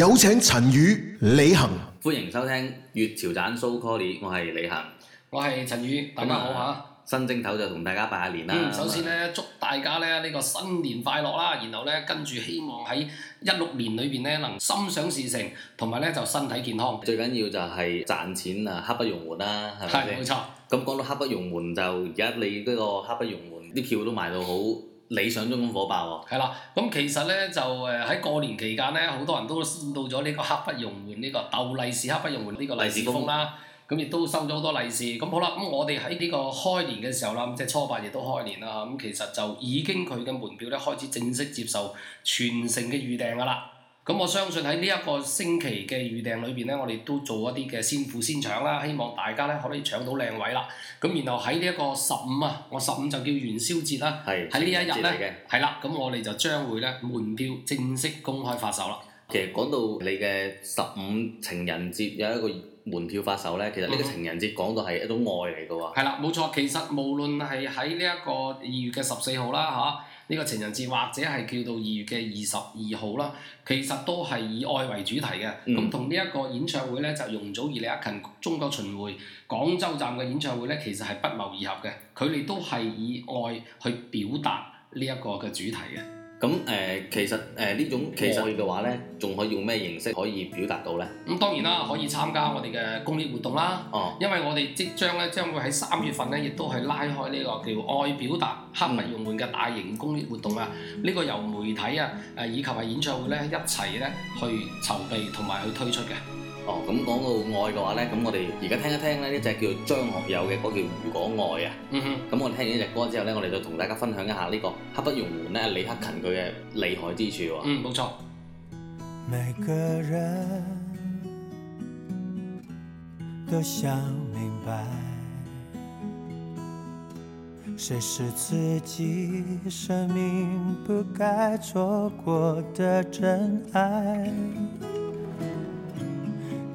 有請陳禹、李恒，歡迎收聽《粵潮展 Show Call》，我係李恒，我係陳禹，大家好！吓，新正頭就同大家拜下年啦，嗯。首先呢，祝大家咧呢，呢個新年快樂啦，然後呢，跟住希望喺一六年裏邊呢，能心想事成，同埋呢就身體健康。最緊要就係賺錢啊，刻不容緩啦，係咪先？係冇錯。咁講到刻不容緩，就而家你呢個刻不容緩，啲票都賣到好。理想中咁火爆喎、啊，係啦，咁其實呢，就誒喺過年期間呢，好多人都到咗呢個刻不容緩呢個鬥利是，刻不容緩呢個利是封啦，咁亦都收咗好多利是，咁好啦，咁我哋喺呢個開年嘅時候啦，咁即係初八亦都開年啦，咁其實就已經佢嘅門票呢，開始正式接受全城嘅預訂㗎啦。咁我相信喺呢一個星期嘅預訂裏邊呢，我哋都做一啲嘅先付先搶啦，希望大家呢可以搶到靚位啦。咁然後喺呢一個十五啊，我十五就叫元宵節啦。係。喺呢一日呢，係啦，咁我哋就將會呢門票正式公開發售啦。其實講到你嘅十五情人節有一個門票發售呢，其實呢個情人節講到係一種愛嚟嘅喎。係啦，冇錯。其實無論係喺呢一個二月嘅十四號啦，嚇。呢個情人節或者係叫到二月嘅二十二號啦，其實都係以愛為主題嘅。咁同呢一個演唱會呢，就容祖兒李克勤中國巡迴廣州站嘅演唱會呢，其實係不謀而合嘅。佢哋都係以愛去表達呢一個嘅主題嘅。咁、呃、其實、呃、這呢種愛嘅話呢，仲可以用咩形式可以表達到呢？咁、嗯、當然啦，可以參加我哋嘅公益活動啦、嗯。因為我哋即將呢，將會喺三月份呢，亦都係拉開呢個叫愛表達克不容緩嘅大型公益活動啊。呢、嗯，這個由媒體啊以及係演唱會呢，一齊呢去籌備同埋去推出嘅。哦，咁講到愛嘅話咧，咁我哋而家聽一聽呢，呢隻叫做張學友嘅歌叫《如果愛》啊。咁、嗯、我哋聽完呢隻歌之後咧，我哋就同大家分享一下呢、這個刻不容緩咧，啊、李克勤佢嘅厲害之處喎、啊。嗯，冇錯。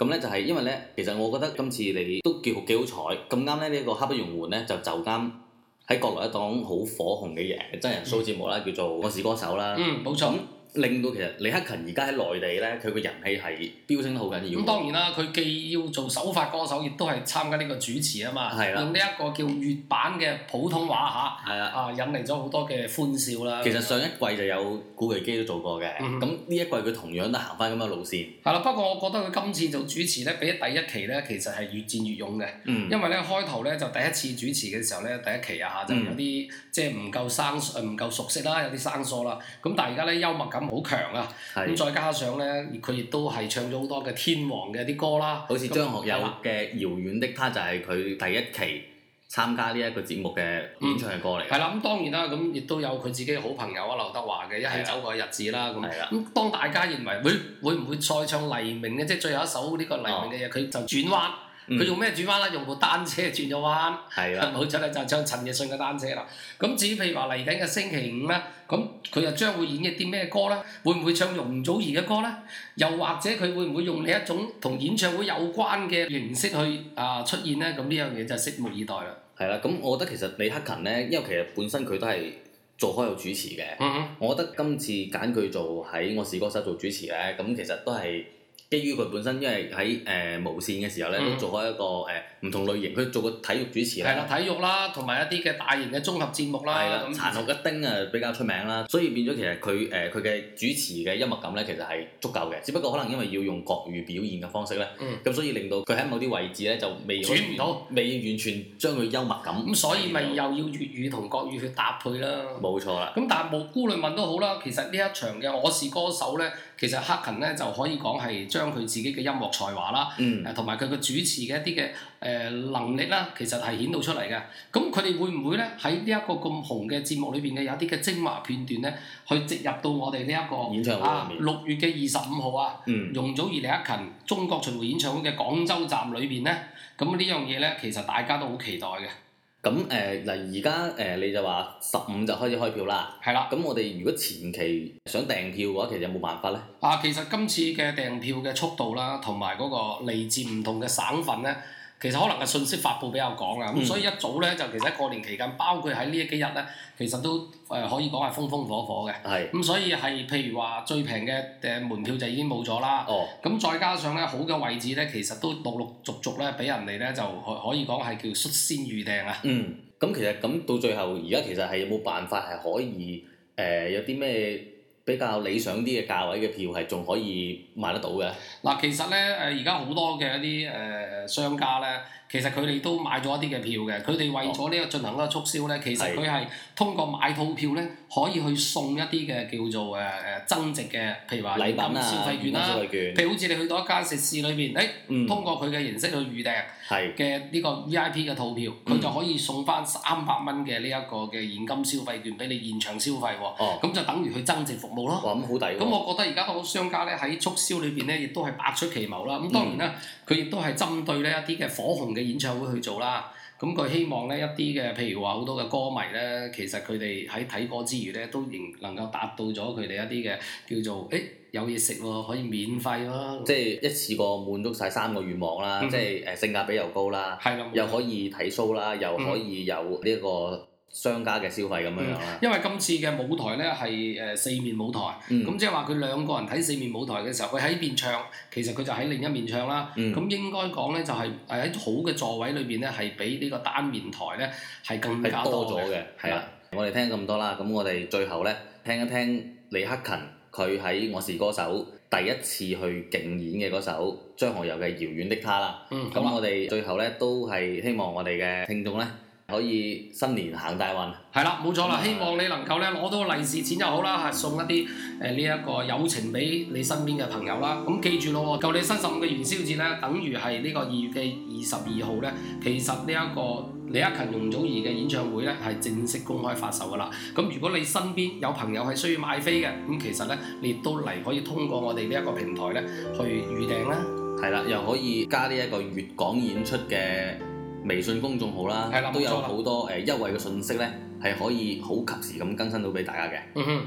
咁呢就係，因為呢，其實我覺得今次你都叫幾好彩，咁啱呢，呢、這個刻不容緩呢，就就啱喺國內一檔好火紅嘅嘢，真人秀節目啦，嗯、叫做《我是歌手》啦。嗯，冇錯。嗯令到其實李克勤而家喺內地咧，佢個人氣係飆升得好緊要。咁當然啦，佢既要做首發歌手，亦都係參加呢個主持啊嘛。用呢一個叫粵版嘅普通話嚇，啊引嚟咗好多嘅歡笑啦。其實上一季就有古巨基都做過嘅，咁、嗯、呢一季佢同樣都行翻咁嘅路線。係啦，不過我覺得佢今次做主持咧，比起第一期咧其實係越戰越勇嘅。嗯、因為咧開頭咧就第一次主持嘅時候咧，第一期啊嚇就有啲即係唔夠生唔夠熟悉啦，有啲生疏啦。咁但係而家咧幽默感。好強啊！咁再加上咧，佢亦都係唱咗好多嘅天王嘅啲歌啦。好似張學友嘅《遙遠的她》，就係、是、佢第一期參加呢一個節目嘅演唱嘅歌嚟。係、嗯、啦。咁當然啦，咁亦都有佢自己好朋友啊，劉德華嘅一起走過嘅日子啦。咁，當大家認為會會唔會再唱黎明嘅，即係、就是、最後一首呢個黎明嘅嘢，佢、嗯、就轉彎。佢、嗯、用咩轉彎啦？用部單車轉咗彎，係咪、啊？佢出嚟就是、唱陳奕迅嘅單車啦。咁至於譬如話嚟緊嘅星期五咧，咁佢又將會演嘅啲咩歌咧？會唔會唱容祖兒嘅歌咧？又或者佢會唔會用呢一種同演唱會有關嘅形式去啊出現咧？咁呢樣嘢就拭目以待啦。係啦、啊，咁我覺得其實李克勤咧，因為其實本身佢都係做開有主持嘅、嗯，我覺得今次揀佢做喺我是歌手做主持咧，咁其實都係。基於佢本身，因為喺誒、呃、無線嘅時候咧，都、嗯、做開一個誒唔、呃、同類型。佢做個體育主持咧，係啦，體育啦，同埋一啲嘅大型嘅綜合節目啦，殘酷一叮啊，比較出名啦。所以變咗其實佢誒佢嘅主持嘅幽默感咧，其實係足夠嘅。只不過可能因為要用國語表現嘅方式咧，咁、嗯、所以令到佢喺某啲位置咧就未轉唔到，未完全將佢幽默感、嗯。咁所以咪又要粵語同國語去搭配啦。冇錯啦。咁但係無辜地問都好啦，其實呢一場嘅我是歌手咧。呢其實克勤咧就可以講係將佢自己嘅音樂才華啦，同埋佢嘅主持嘅一啲嘅能力啦，其實係顯露出嚟嘅。咁佢哋會唔會咧喺呢一個咁紅嘅節目裏面嘅有一啲嘅精華片段咧，去植入到我哋呢一個演唱會啊六月嘅二十五號啊、嗯，容祖兒李克勤中國巡回演唱會嘅廣州站裏面咧，咁呢樣嘢咧其實大家都好期待嘅。咁誒嗱，而家，呃，你就話十五就開始開票啦，係啦。咁我哋如果前期想訂票嘅話，其實有冇辦法呢？啊，其實今次嘅訂票嘅速度啦，同埋嗰個嚟自唔同嘅省份呢。其實可能係信息發佈比較廣啊，咁、嗯、所以一早咧就其實喺過年期間，包括喺呢幾日咧，其實都誒可以講係風風火火嘅。係咁，所以係譬如話最平嘅誒門票就已經冇咗啦。哦，咁再加上咧好嘅位置咧，其實都陸陸續續咧俾人哋咧就可以講係叫率先預訂啊。嗯，咁其實咁到最後而家其實係有冇辦法係可以誒、呃、有啲咩比較理想啲嘅價位嘅票係仲可以買得到嘅？嗱，其實咧誒而家好多嘅一啲誒。呃商家咧，其實佢哋都買咗一啲嘅票嘅，佢哋為咗呢個進行一個促銷咧，其實佢係通過買套票咧，可以去送一啲嘅叫做誒誒增值嘅，譬如話禮品啊、現金消費券啦，譬如好似你去到一間食肆裏邊，誒、哎嗯，通過佢嘅形式去預訂嘅呢個 V.I.P 嘅套票，佢、嗯、就可以送翻三百蚊嘅呢一個嘅現金消費券俾你現場消費喎，咁、哦、就等於佢增值服務咯。咁好抵。咁、啊、我覺得而家好多商家咧喺促銷裏邊咧，亦都係百出奇謀啦。咁當然啦，佢亦都係針。對呢一啲嘅火紅嘅演唱會去做啦，咁佢希望呢一啲嘅，譬如話好多嘅歌迷呢，其實佢哋喺睇歌之餘呢，都仍能夠達到咗佢哋一啲嘅叫做，誒有嘢食喎，可以免費咯。即係一次過滿足晒三個願望啦、嗯，即係性價比又高啦，又可以睇 show 啦、嗯，又可以有呢、這個。商家嘅消費咁樣樣、嗯、啦，因為今次嘅舞台咧係誒四面舞台，咁即係話佢兩個人睇四面舞台嘅時候，佢喺邊唱，其實佢就喺另一面唱啦。咁、嗯、應該講咧就係誒喺好嘅座位裏邊咧，係比呢個單面台咧係更加多咗嘅。係啦，我哋聽咁多啦，咁我哋最後咧聽一聽李克勤佢喺我是歌手第一次去競演嘅嗰首張學友嘅《遙遠的她》啦。嗯，咁我哋最後咧都係希望我哋嘅聽眾咧。可以新年行大運。係啦，冇錯啦，希望你能夠咧攞到利是錢就好啦，送一啲誒呢一個友情俾你身邊嘅朋友啦。咁記住咯，就你新十五嘅元宵節咧，等於係呢個二月嘅二十二號咧，其實呢一個李克勤、容祖兒嘅演唱會咧係正式公開發售噶啦。咁如果你身邊有朋友係需要買飛嘅，咁其實咧你都嚟可以通過我哋呢一個平台咧去預訂啦。係啦，又可以加呢一個粵港演出嘅。微信公眾號啦，都有好多誒、呃、優惠嘅信息呢，係可以好及時咁更新到俾大家嘅。嗯